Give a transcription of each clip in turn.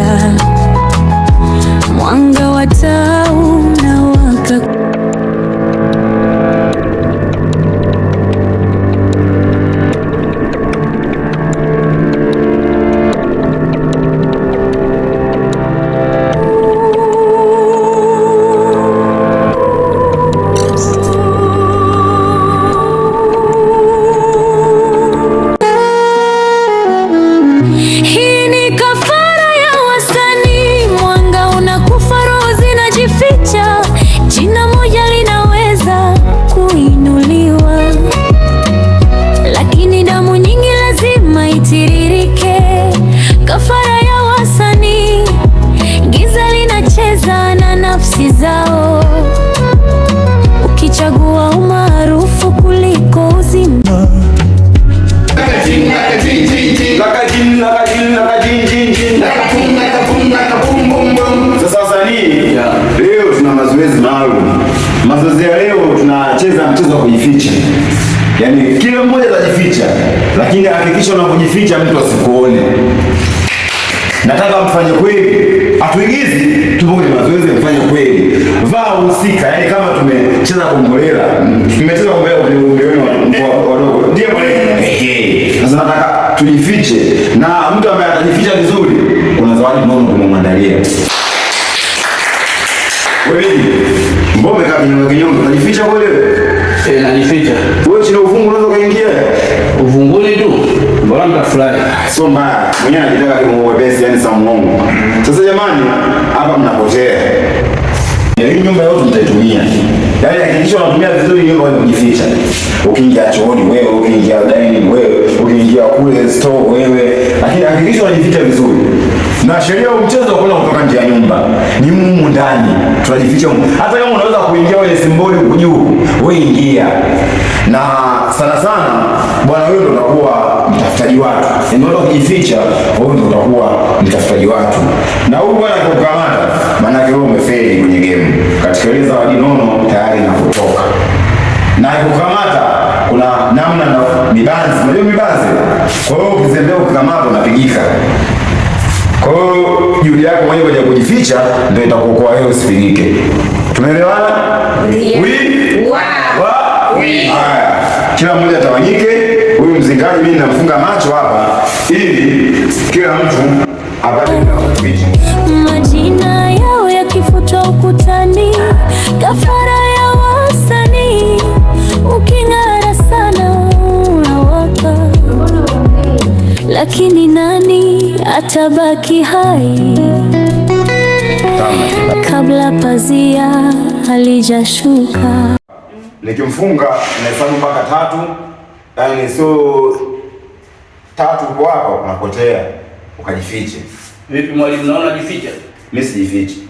yeah. kujificha, yaani kila mmoja atajificha, lakini hakikisha unapojificha mtu asikuone. Nataka mfanye kweli, hatuigizi, tupige mazoezi, mfanye kweli, vaa husika, yaani kama tumecheza kombolela, tumecheza kombolela kwenye umri wadogo, ndio mwalimu. Sasa nataka tujifiche, na mtu ambaye atajificha vizuri, kuna zawadi nono kumwandalia kweli. Mbona umekaa kinyonge kinyonge, unajificha kweli wewe? eh, nanificha. Wewe chini uvungu unaweza kaingia uvunguni tu, bora mtafurahi. Ah, sio mbaya, mwenyewe anajitaka kimungu wepesi, yani sa mwongo. Sasa jamani, hapa mnapotea. Yaani hii nyumba yote mtaitumia. Yaani hakikisha unatumia vizuri nyumba hiyo kujificha. Ukiingia chooni wewe, ukiingia dining na sheria ya mchezo hakuna kutoka nje ya nyumba, ni mumu ndani, tunajificha Hata kama unaweza kuingia wewe simboli huko juu, wewe ingia. Na sana sana bwana, wewe ndo unakuwa mtafutaji watu, unaweza kujificha wewe, ndo unakuwa mtafutaji watu, na huyu bwana akukamata, maana yake wewe umefeli kwenye game. Katika ile zawadi nono tayari inakutoka na akukamata kuna namna na mibanzi, unajua mibanzi. Kwa hiyo ukizembea ukikamata unapigika. Kwa hiyo juhudi yako moja kwa moja kujificha ndio itakuokoa wewe usifilike. Tumeelewana? Wi? Wa? Wi. Haya. Kila mmoja atawanyike. Huyu mzingaji mimi namfunga macho hapa ili kila mtu apate kujificha. Majina yao yakifutwa ukutani, kafara ya wasanii uking'ara sana unawaka, lakini nani atabaki hai kabla pazia halijashuka. Nikimfunga nahesabu mpaka tatu, yani sio tatu kwako hapo unapotea ukajifiche. Vipi mwalimu, naona jificha? Mimi sijifiche.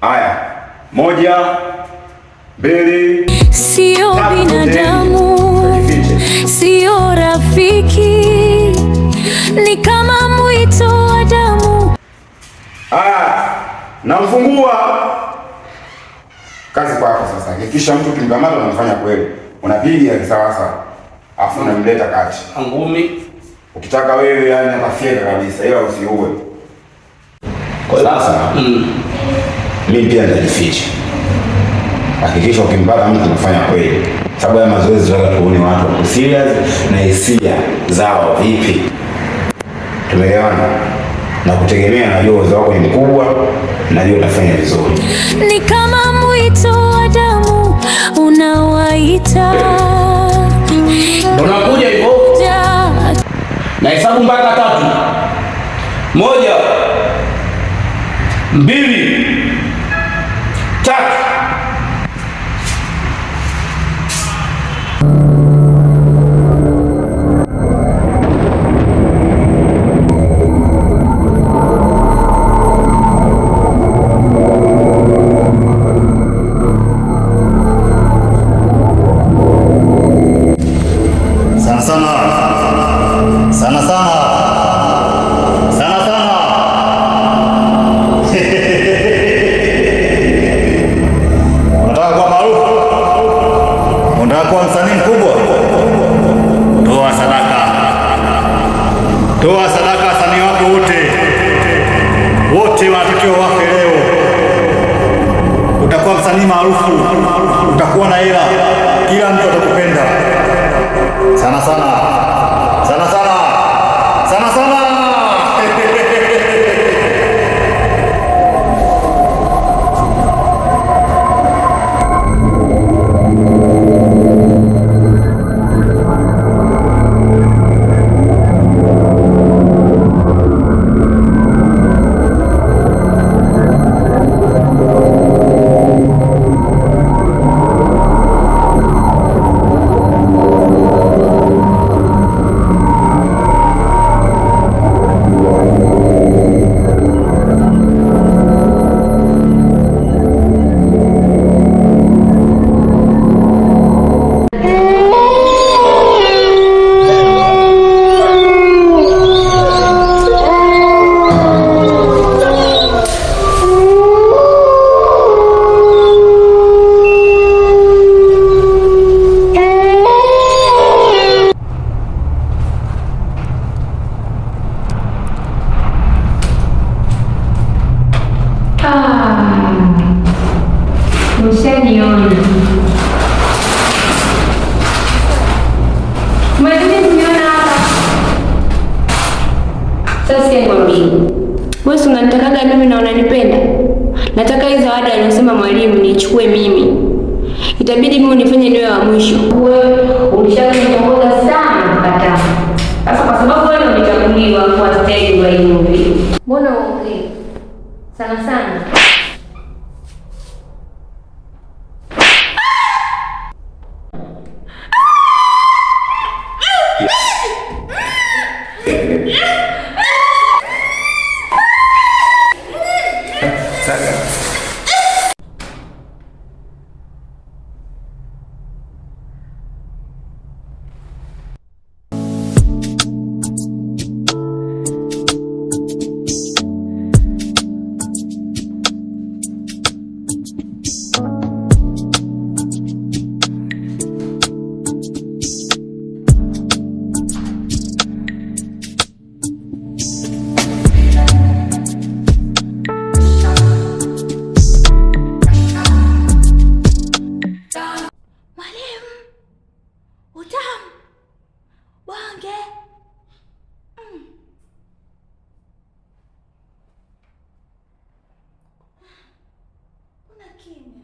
Haya, moja, mbili, sio binadamu ni kama mwito wa damu. Ah, namfungua kazi kwako sasa. Hakikisha mtu ukimkamata anafanya kweli, unapiga ya sawa, afu unamleta kati ngumi. Ukitaka wewe yani atafyeka kabisa, ila usiue. Kwa sasa mm. mimi pia nitajificha. Hakikisha ukimpata mtu anafanya kweli, sababu ya mazoezi tunataka tuone watu wako serious na hisia zao vipi tumeelewana na kutegemea. Najua uwezo wako ni mkubwa, najua utafanya vizuri. Ni kama mwito wa damu unawaita, unakuja hivyo na hesabu mpaka tatu: moja, mbili wasanii maarufu, utakuwa na hela, kila mtu atakupenda sana sana sana sana. kama mwalimu nichukue mimi, itabidi mimi nifanye ndio wa mwisho. Wewe ulishaongoza sana mkata. Sasa kwa sababu wewe umechaguliwa kwa stage wa hivi, mbona uongee sana sana? came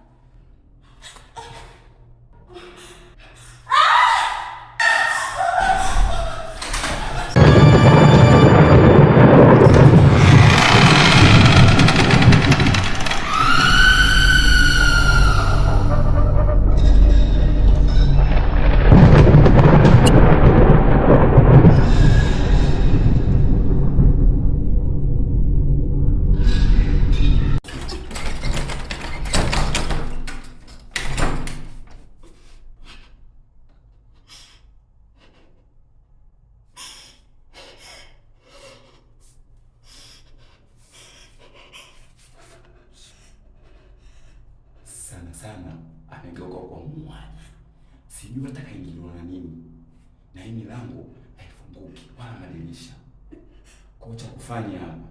kurekebisha. Kwa cha kufanya hapa,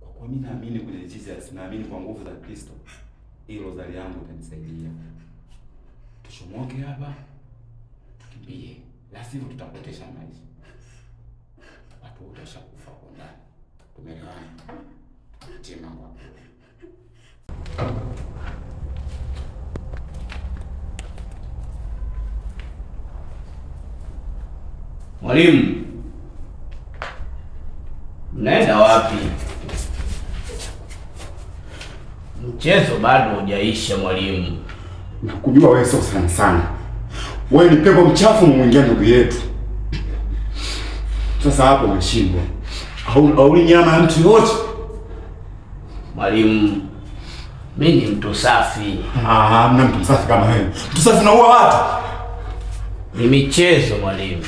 kwa kuwa mimi naamini kwenye Jesus, naamini kwa nguvu za Kristo, hilo rozari yangu itanisaidia. Tushomoke hapa, tukimbie, la sivyo tutapotesha maisha. Watu wote washakufa kwa ndani. Tumeelewana? Je, kwa Mwalimu unaenda wapi? Mchezo bado hujaisha mwalimu. Nakujua wewe sio sana sana, wewe ni pepo mchafu mwingia ndugu yetu. Sasa hapo umeshindwa, hauli nyama ya mtu yote. Mwalimu, mimi ni mtu safi. Ah, mna mtu safi kama wewe. Mtu safi unaua watu. Ni michezo mwalimu.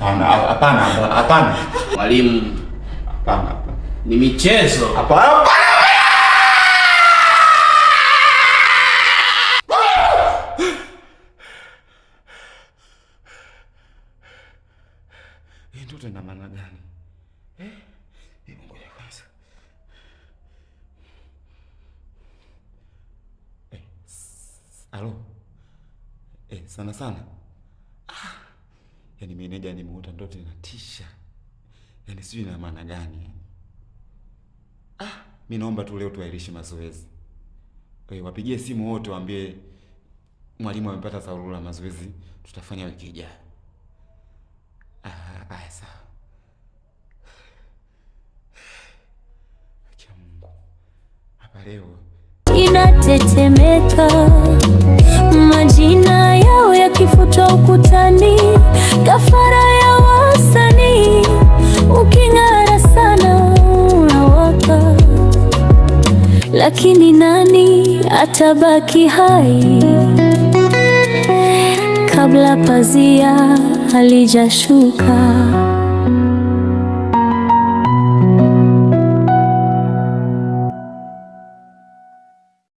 Hapana, hapana, hapana mwalimu Hapana, hapana. Ni michezo. Hapana, hapana. Ndoto gani? Eh? Eh, alo. Eh, sana sana. Ah. yani meneja ni muuta ndoto inatisha yani sijui na maana gani. Yaani. Ah, mi naomba tu leo tuahirishe mazoezi. Wewe eh, wapigie simu wote waambie mwalimu amepata saurula mazoezi tutafanya wiki ijayo. Ah, ah, sawa. leo inatetemeka, majina yao yakifutwa ukutani, kafara lakini nani atabaki hai kabla pazia halijashuka?